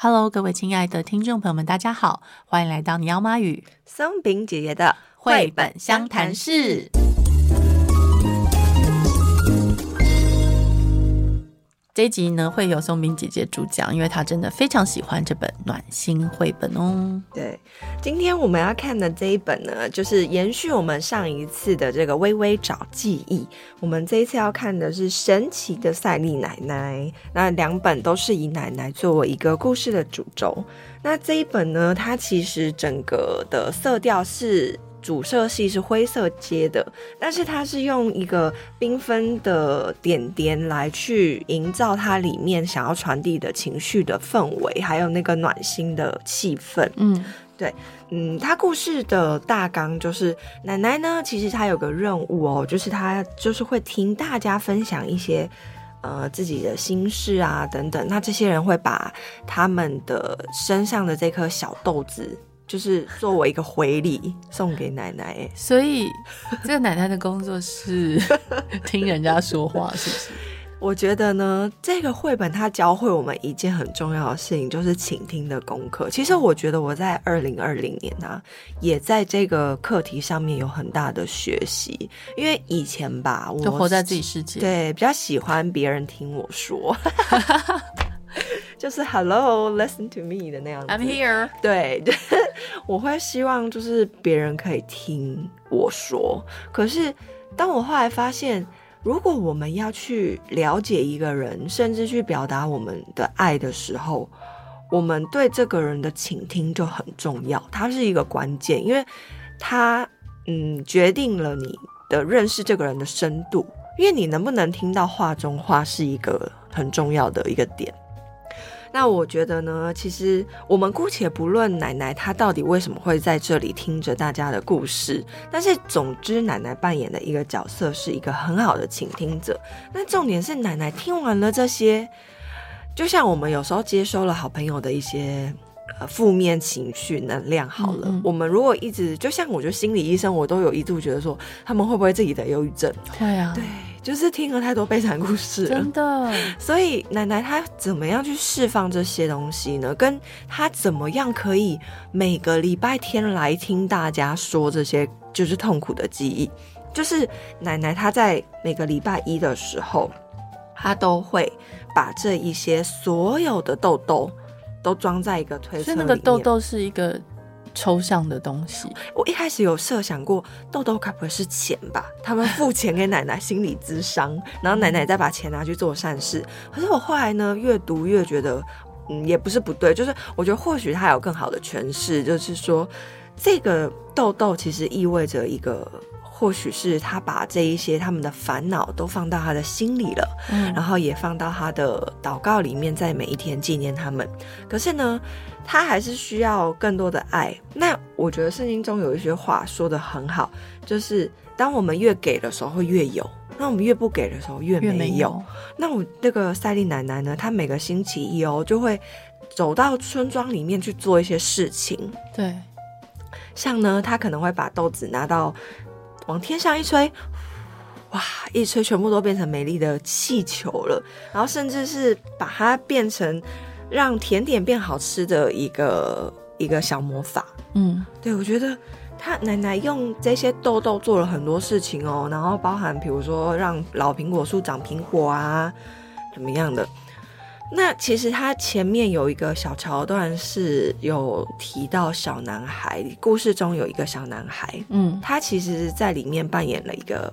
Hello，各位親愛的聽眾朋友們，大家好，歡迎來到尼奧媽與鬆餅姐姐的繪本相談室。這一集呢會由鬆餅姐姐主講，因為她真的非常喜歡這本暖心繪本哦。對，今天我們要看的這一本呢，就是延續我們上一次的這個威威找記憶。我們這一次要看的是神奇的賽莉奶奶，那兩本都是以奶奶作為一個故事的主軸。那這一本呢，它其實整個的色調是。主色系是灰色階的，但是它是用一個繽紛的點點來去營造它裡面想要傳遞的情緒的氛圍，還有那個暖心的氣氛。嗯，對，嗯，它故事的大綱就是奶奶呢，其實她有個任務哦，就是她就是會聽大家分享一些呃自己的心事啊等等，那這些人會把他們的身上的這顆小豆子。就是做我一個回禮送給奶奶。欸，所以這個奶奶的工作是聽人家說話，是不是？ 我覺得呢，這個繪本它教會我們一件很重要的事情，就是傾聽的功課。其實我覺得我在二零二零年呢，啊，也在這個課題上面有很大的學習，因為以前吧，我就活在自己世界，對，比較喜歡別人聽我說。 就是 Hello，listen to me 的那樣子。I'm here 對。對、就是，我會希望就是別人可以聽我說。可是當我後來發現，如果我們要去了解一個人，甚至去表達我們的愛的時候，我們對這個人的傾聽就很重要，它是一個關鍵，因為它嗯決定了你的認識這個人的深度。因為你能不能聽到話中話是一個很重要的一個點。那我覺得呢，其實我們姑且不論奶奶她到底為什麼會在這裡聽着大家的故事，但是總之奶奶扮演的一個角色是一個很好的傾聽者。那重點是奶奶聽完了這些，就像我們有時候接收了好朋友的一些、呃、負面情緒能量，好了，嗯嗯我們如果一直就像我覺得心理醫生，我都有一度覺得說他們會不會自己的有憂鬱症？對呀、啊，對。就是聽了太多悲慘故事，真的。所以奶奶她怎麼樣去釋放這些東西呢？跟她怎麼樣可以每個禮拜天來聽大家說這些就是痛苦的記憶？就是奶奶她在每個禮拜一的時候，她都會把這一些所有的豆豆都裝在一個推車裡面。所以那個豆豆是一個。抽象的東西，我一開始有設想過，豆豆該不會是錢吧？他們付錢給奶奶心理諮商， 然後奶奶再把錢拿去做善事。可是我後來呢，越讀越覺得，嗯，也不是不對，就是我覺得或許他有更好的詮釋，就是說，這個豆豆其實意味着一個，或許是他把這一些他們的煩惱都放到他的心裡了，嗯，然後也放到他的禱告裡面，在每一天紀念他們。可是呢？他還是需要更多的愛。那我覺得聖經中有一些話說得很好，就是當我們越給的時候會越有，那我們越不給的時候越沒有。沒有。那我那個賽莉奶奶呢？她每個星期一哦，就會走到村莊裡面去做一些事情。對，像呢，她可能會把豆子拿到往天上一吹，哇，一吹全部都變成美麗的氣球了，然後甚至是把它變成。讓甜點變好吃的一個一個小魔法，嗯，對，我覺得他奶奶用這些豆豆做了很多事情哦，然後包含比如說，讓老蘋果樹長蘋果啊，怎麼樣的。那其實他前面有一個小橋段是有提到小男孩，故事中有一個小男孩，嗯，他其實在裡面扮演了一個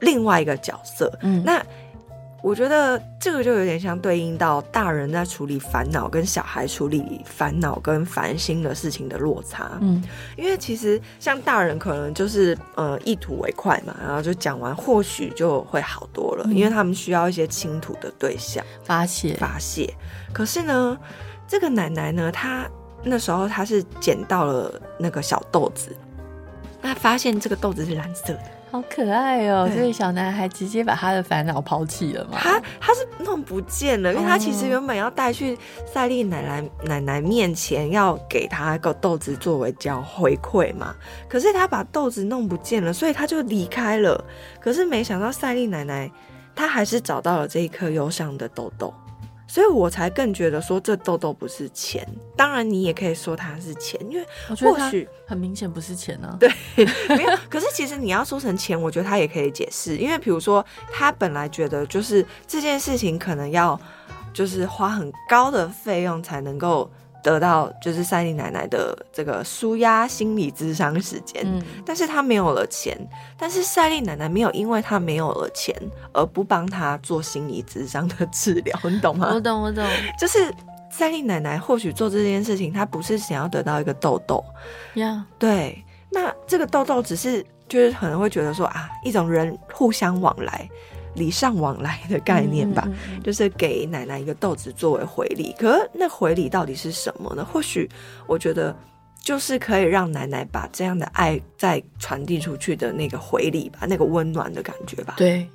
另外一個角色，嗯，那。我覺得這個就有點像對應到大人在處理煩惱跟小孩處理煩惱跟煩心的事情的落差，嗯，因為其實像大人可能就是呃一吐為快嘛，然後就講完或許就會好多了，嗯，因為他們需要一些傾吐的對象發洩發洩。可是呢，這個奶奶呢，她那時候她是撿到了那個小豆子，她發現這個豆子是藍色的。好可愛哦、喔！這個對小男孩直接把他的煩惱拋棄了嘛。他他是弄不見了，因為他其實原本要帶去賽莉奶奶奶奶面前，要給他一個豆子作為這樣回饋嘛。可是他把豆子弄不見了，所以他就離開了。可是沒想到賽莉奶奶，他還是找到了這一顆憂傷的豆豆。所以我才更覺得說這豆豆不是錢，當然你也可以說它是錢，因為或許很明顯不是錢呢、啊。對，沒有。 可是其實你要說成錢，我覺得他也可以解釋，因為比如說他本來覺得就是這件事情可能要就是花很高的費用才能夠。得到就是賽莉奶奶的這個紓壓心理諮商時間，嗯、但是她沒有了錢，但是賽莉奶奶沒有因為她沒有了錢而不幫她做心理諮商的治療，你懂嗎？我懂，我懂，我懂，就是賽莉奶奶或許做這件事情，她不是想要得到一個豆豆呀，Yeah. 對，那這個豆豆只是就是可能會覺得說啊，一種人互相往來。禮尚往來的概念吧，嗯嗯嗯，就是給奶奶一個豆子作為回禮。可那回禮到底是什麼呢？或許我覺得就是可以讓奶奶把這樣的愛再傳遞出去的那個回禮吧，那個溫暖的感覺吧。對。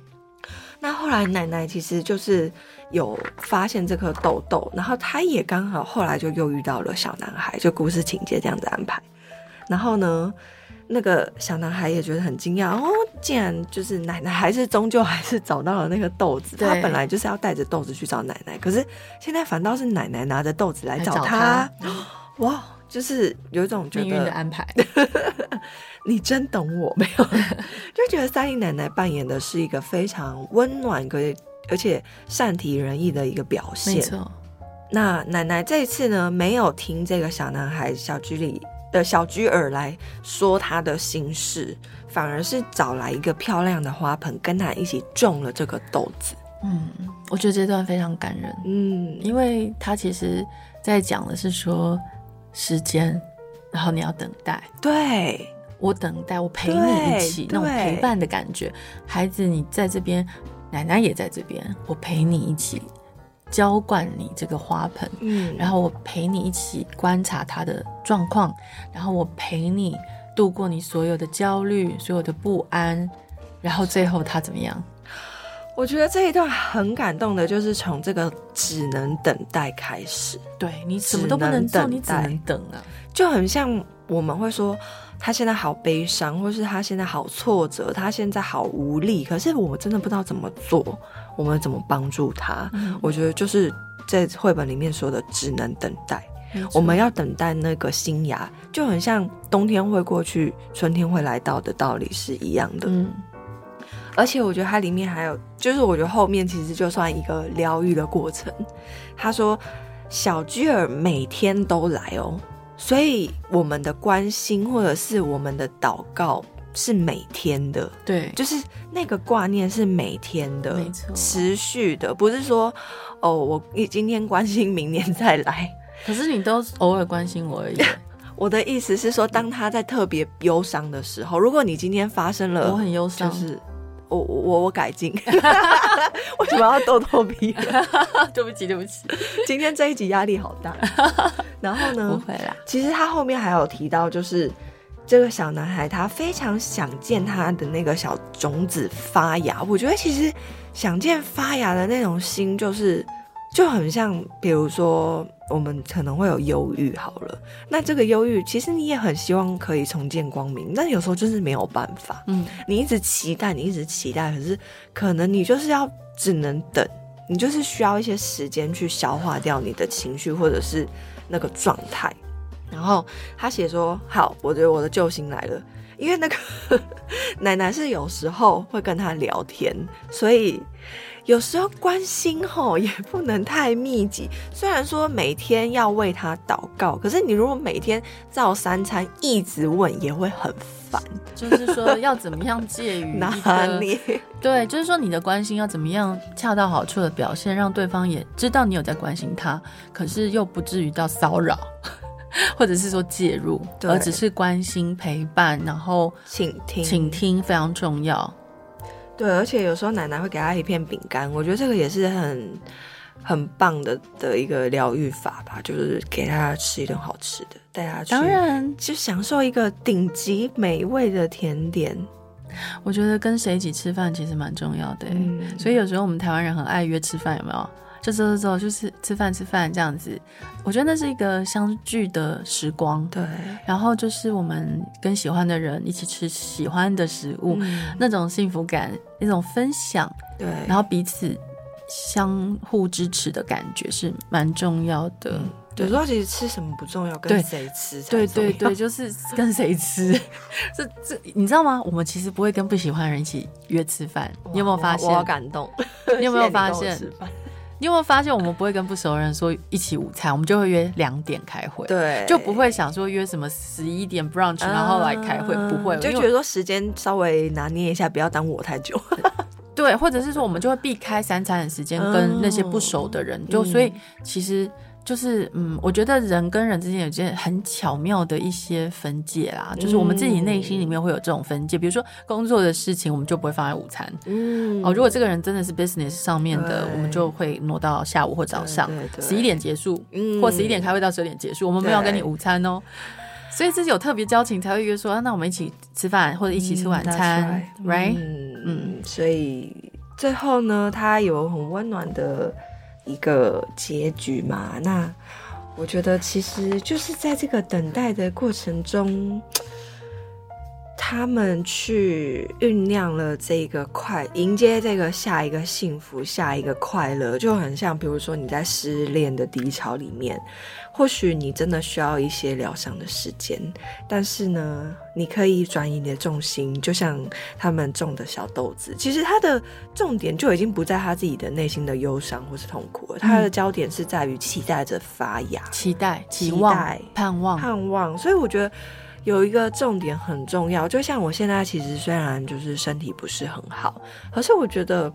那後來奶奶其實就是有發現這顆豆豆，然後她也剛好後來就又遇到了小男孩，就故事情節這樣子安排。然後呢？那個小男孩也覺得很驚訝哦，竟然就是奶奶還是終究還是找到了那個豆子。他對本來就是要帶着豆子去找奶奶，可是現在反倒是奶奶拿着豆子來找，她找他。哇，就是有一種覺得命運的安排。 你真懂我沒有？就覺得賽莉奶奶扮演的是一個非常溫暖，可以而且善體人意的一個表現。錯那奶奶這一次呢，沒有聽這個小男孩小居里。的小菊兒來說他的心事，反而是找來一個漂亮的花盆，跟他一起種了這個豆子。嗯，我覺得這段非常感人。嗯，因為他其實在講的是說時間，然後你要等待。對，我等待，我陪你一起對那種陪伴的感覺。對孩子，你在這邊，奶奶也在這邊，我陪你一起。澆灌你這個花盆，嗯，然後我陪你一起觀察它的狀況，然後我陪你度過你所有的焦慮，所有的不安，然後最後它怎麼樣？我覺得這一段很感動的，就是從這個只能等待開始，對，你什麼都不能做，你只能等啊，就很像。我們會說他現在好悲傷，或是他現在好挫折，他現在好無力。可是我們真的不知道怎麼做，我們怎麼幫助他？嗯、我覺得就是在繪本裡面說的，只能等待。沒錯。我們要等待那個新芽，就很像冬天會過去，春天會來到的道理是一樣的。嗯、而且我覺得它裡面還有，就是我覺得後面其實就算一個療癒的過程。他說：“小吉兒每天都來哦。”所以我們的關心或者是我們的禱告是每天的，對，就是那個掛念是每天的，沒錯，持續的，不是說，哦，我今天關心，明年再來。可是你都偶爾關心我而已。 我的意思是說，當他在特別憂傷的時候，如果你今天發生了，我很憂傷。就是。我我我改進，為 什麼要逗逗皮？ 對不起對不起，今天這一集壓力好大。然後呢？不會啦。其實他後面還有提到，就是這個小男孩他非常想見他的那個小種子發芽。我覺得其實想見發芽的那種心，就是就很像，比如說。我們可能會有憂鬱，好了，那這個憂鬱其實你也很希望可以重見光明，但有時候就是沒有辦法，嗯，你一直期待，你一直期待，可是可能你就是要只能等，你就是需要一些時間去消化掉你的情緒或者是那個狀態。然後他寫說：“好，我覺得我的救星來了，因為那個 奶奶是有時候會跟他聊天，所以。”有時候關心吼也不能太密集，雖然說每天要為他禱告，可是你如果每天照三餐一直問，也會很煩。就是說要怎麼樣介於哪裡？對，就是說你的關心要怎麼樣恰到好處的表現，讓對方也知道你有在關心他，可是又不至於到騷擾，或者是說介入，對而只是關心陪伴，然後傾聽，傾聽非常重要。對，而且有時候奶奶會給他一片餅乾，我覺得這個也是很很棒的的一個療癒法吧，就是給他吃一頓好吃的，帶他去，當然就享受一個頂級美味的甜點。我覺得跟誰一起吃飯其實蠻重要的，嗯、所以有時候我們台灣人很愛約吃飯，有沒有？走走走走，就是吃,吃飯吃飯這樣子。我覺得那是一個相聚的時光。對。然後就是我們跟喜歡的人一起吃喜歡的食物，嗯、那種幸福感，那種分享。對。然後彼此相互支持的感覺是蠻重要的。嗯、對。所以其實吃什麼不重要，對跟誰吃才對。對對對，就是跟誰吃。 這這，你知道嗎？我們其實不會跟不喜歡的人一起約吃飯。哇你有沒有發現？我好感動。你有沒有發現？現在你跟我吃飯？ 你有沒有發現，我們不會跟不熟的人說一起午餐，我們就會約兩點開會，對，就不會想說約什麼十一點 brunch 然後來開會，嗯、不會，就覺得說時間稍微拿捏一下，不要耽誤我太久 對，對，或者是說我們就會避開三餐的時間，跟那些不熟的人，嗯、就所以其實。就是，嗯，我覺得人跟人之間有件很巧妙的一些分界啦，嗯、就是我們自己內心裡面會有這種分界，比如說工作的事情，我們就不會放在午餐，嗯，哦，如果這個人真的是 business 上面的，對我們就會挪到下午或早上，十一點結束，嗯、或十一點開會到十一點結束，我們沒有要跟你午餐哦，對所以自己有特別交情才會約說那我們一起吃飯或者一起吃晚餐，right，嗯，right? 嗯，所以最後呢，他有很溫暖的。一個結局嘛，那我覺得其實就是在這個等待的過程中。他們去醞釀了這個快，迎接這個下一個幸福，下一個快樂，就很像，比如說你在失戀的低潮裡面，或許你真的需要一些療傷的時間，但是呢，你可以轉移你的重心，就像他們種的小豆子，其實它的重點就已經不在他自己的內心的憂傷或是痛苦了，它的焦點是在於期待着發芽，期待、期望、期待、盼望、盼望，所以我覺得。有一個重點很重要，就像我現在其實雖然就是身體不是很好，可是我覺得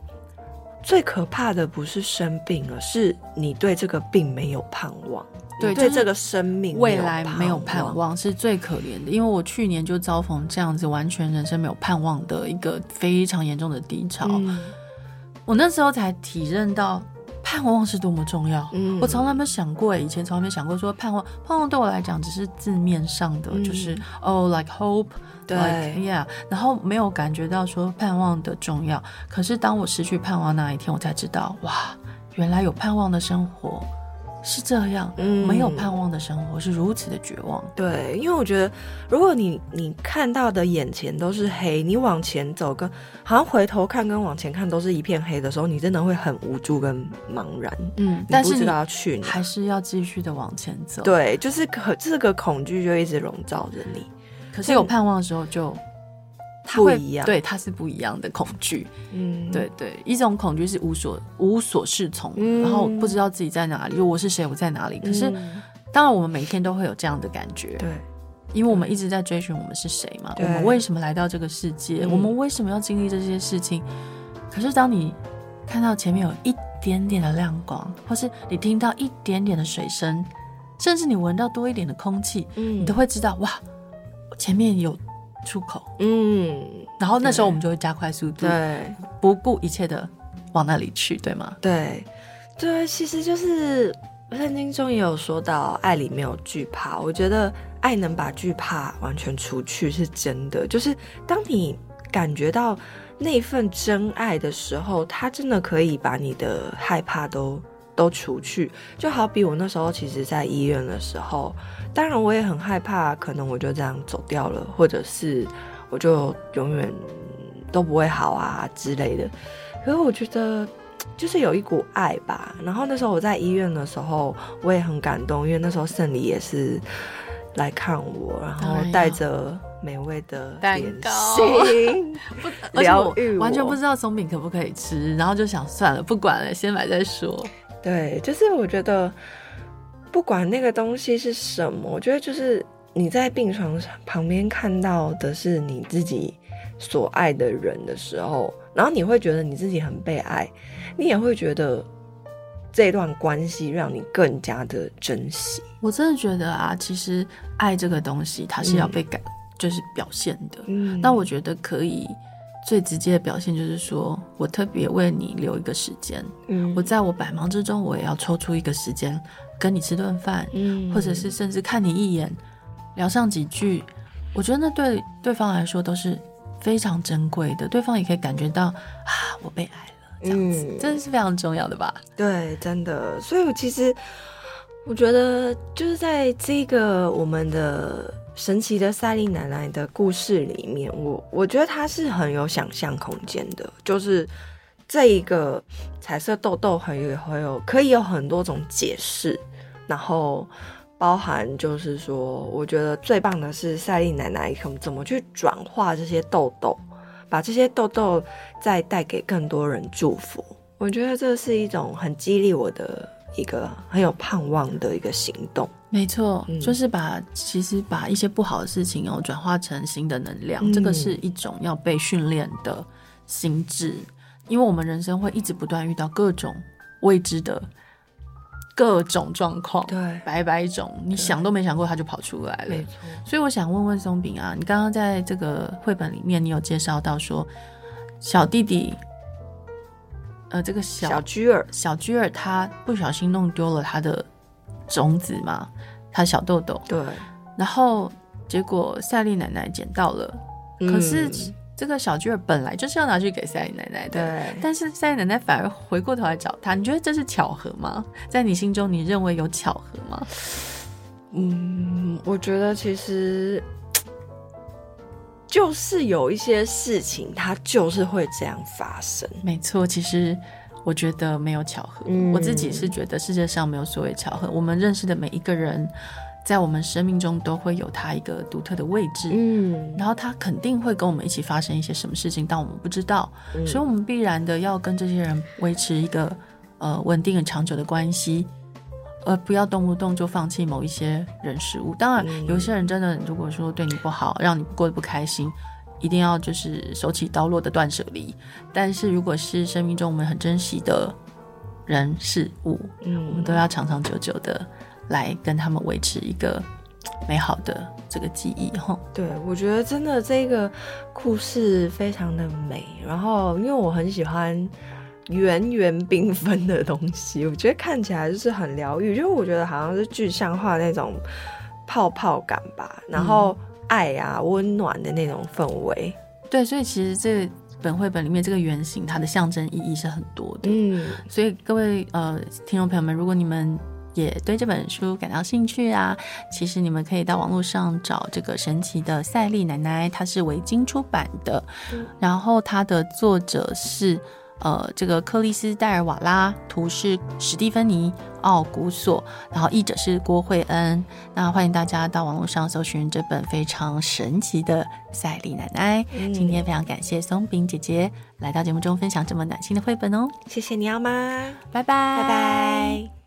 最可怕的不是生病了，是你對這個病沒有盼望，對對這個生命未來沒有盼望是最可憐的。因為我去年就遭逢這樣子，完全人生沒有盼望的一個非常嚴重的低潮，嗯，我那時候才體認到。盼望是多麼重要？嗯、我從來沒想過，欸，以前從來沒想過說盼望。盼望對我來講只是字面上的，嗯、就是哦、oh，like hope，對呀，like，yeah, 然後沒有感覺到說盼望的重要。可是當我失去盼望那一天，我才知道，哇，原來有盼望的生活。是這樣，嗯、沒有盼望的生活是如此的絕望。對，因為我覺得，如果你你看到的眼前都是黑，你往前走跟，跟好像回頭看跟往前看都是一片黑的時候，你真的會很無助跟茫然。嗯，你不知道要去哪，但是，還是要繼續的往前走。對，就是可這個恐懼就一直籠罩着你。可是有盼望的時候就。不一樣，對，它是不一樣的恐懼。嗯，對對，一種恐懼是無所無所適從，嗯、然後不知道自己在哪裡，我是誰，我在哪裡。嗯、可是，當然，我們每天都會有這樣的感覺，對、嗯，因為我們一直在追尋我們是誰嘛，對我們為什麼來到這個世界，對我們為什麼要經歷這些事情。嗯、可是，當你看到前面有一點點的亮光，或是你聽到一點點的水聲，甚至你聞到多一點的空氣，嗯、你都會知道，哇，前面有。出口，嗯，然後那時候我們就會加快速度，對，不顧一切的往那裡去，對嗎？對，對，其實就是聖經中也有說到，愛裡沒有懼怕。我覺得愛能把懼怕完全除去是真的，就是當你感覺到那份真愛的時候，它真的可以把你的害怕都。都除去，就好比我那時候其實，在醫院的時候，當然我也很害怕，可能我就這樣走掉了，或者是我就永遠都不會好啊之類的。可是我覺得，就是有一股愛吧。然後那時候我在醫院的時候，我也很感動，因為那時候盛禮也是來看我，然後帶着美味的蛋糕，而且我，我完全不知道鬆餅可不可以吃，然後就想算了，不管了，先買再說。對，就是我覺得，不管那個東西是什麼，我覺得就是你在病床旁邊看到的是你自己所愛的人的時候，然後你會覺得你自己很被愛，你也會覺得這段關係讓你更加的珍惜。我真的覺得啊，其實愛這個東西，它是要被感，嗯、就是表現的。嗯、那我覺得可以。最直接的表現就是說，我特別為你留一個時間。嗯，我在我百忙之中，我也要抽出一個時間跟你吃頓飯，嗯，或者是甚至看你一眼，聊上幾句。我覺得那對對方來說都是非常珍貴的，對方也可以感覺到啊，我被愛了，這樣子，嗯，真的是非常重要的吧？對，真的。所以我其實我覺得就是在這個我們的。神奇的賽莉奶奶的故事裡面，我我覺得她是很有想象空間的。就是這一個彩色豆豆，很有很有可以有很多種解釋，然後包含就是說，我覺得最棒的是賽莉奶奶怎麼去轉化這些豆豆，把這些豆豆再帶給更多人祝福。我覺得這是一種很激勵我的。一個很有盼望的一個行動，沒錯，嗯、就是把其實把一些不好的事情哦轉化成新的能量，嗯、這個是一種要被訓練的心智，因為我們人生會一直不斷遇到各種未知的各種狀況，對，百百種你想都沒想過，他就跑出來了，沒錯。所以我想問問鬆餅啊，你剛剛在這個繪本裡面，你有介紹到說小弟弟、嗯。呃，這個小菊兒，小菊兒，菊兒，他不小心弄丟了他的種子嘛，他小豆豆。對。然後結果賽莉奶奶撿到了，嗯、可是這個小菊兒本來就是要拿去給賽莉奶奶的，對但是賽莉奶奶反而回過頭來找他。你覺得這是巧合嗎？在你心中，你認為有巧合嗎？嗯，我覺得其實。就是有一些事情，它就是會這樣發生。沒錯，其實我覺得沒有巧合。嗯，我自己是覺得世界上沒有所謂巧合。我們認識的每一個人，在我們生命中都會有他一個獨特的位置。嗯，然後他肯定會跟我們一起發生一些什麼事情，但我們不知道。嗯，所以我們必然的要跟這些人維持一個呃穩定的長久的關係。呃，不要動不動就放棄某一些人事物。當然，有些人真的，如果說對你不好，嗯、讓你過得不開心，一定要就是手起刀落的斷捨離。但是，如果是生命中我們很珍惜的人事物，嗯，我們都要長長久久的來跟他們維持一個美好的這個記憶。吼，對，我覺得真的這個故事非常的美。然後，因為我很喜歡。圓圓繽紛的東西，我覺得看起來就是很療癒，就是我覺得好像是具象化那種泡泡感吧，然後愛啊嗯、溫暖的那種氛圍。對，所以其實這本繪本裡面這個圓形它的象徵意義是很多的。嗯，所以各位呃聽眾朋友們，如果你們也對這本書感到興趣啊，其實你們可以到網絡上找這個神奇的賽莉奶奶，她是維京出版的，然後它的作者是。呃，這個克里斯戴爾瓦拉圖，是史蒂芬妮奧古索，然後譯者是郭慧恩。那歡迎大家到網絡上搜尋這本非常神奇的《賽莉奶奶》嗯。今天非常感謝鬆餅姐姐來到節目中分享這麼暖心的繪本哦。謝謝你要嗎？拜拜拜拜。Bye bye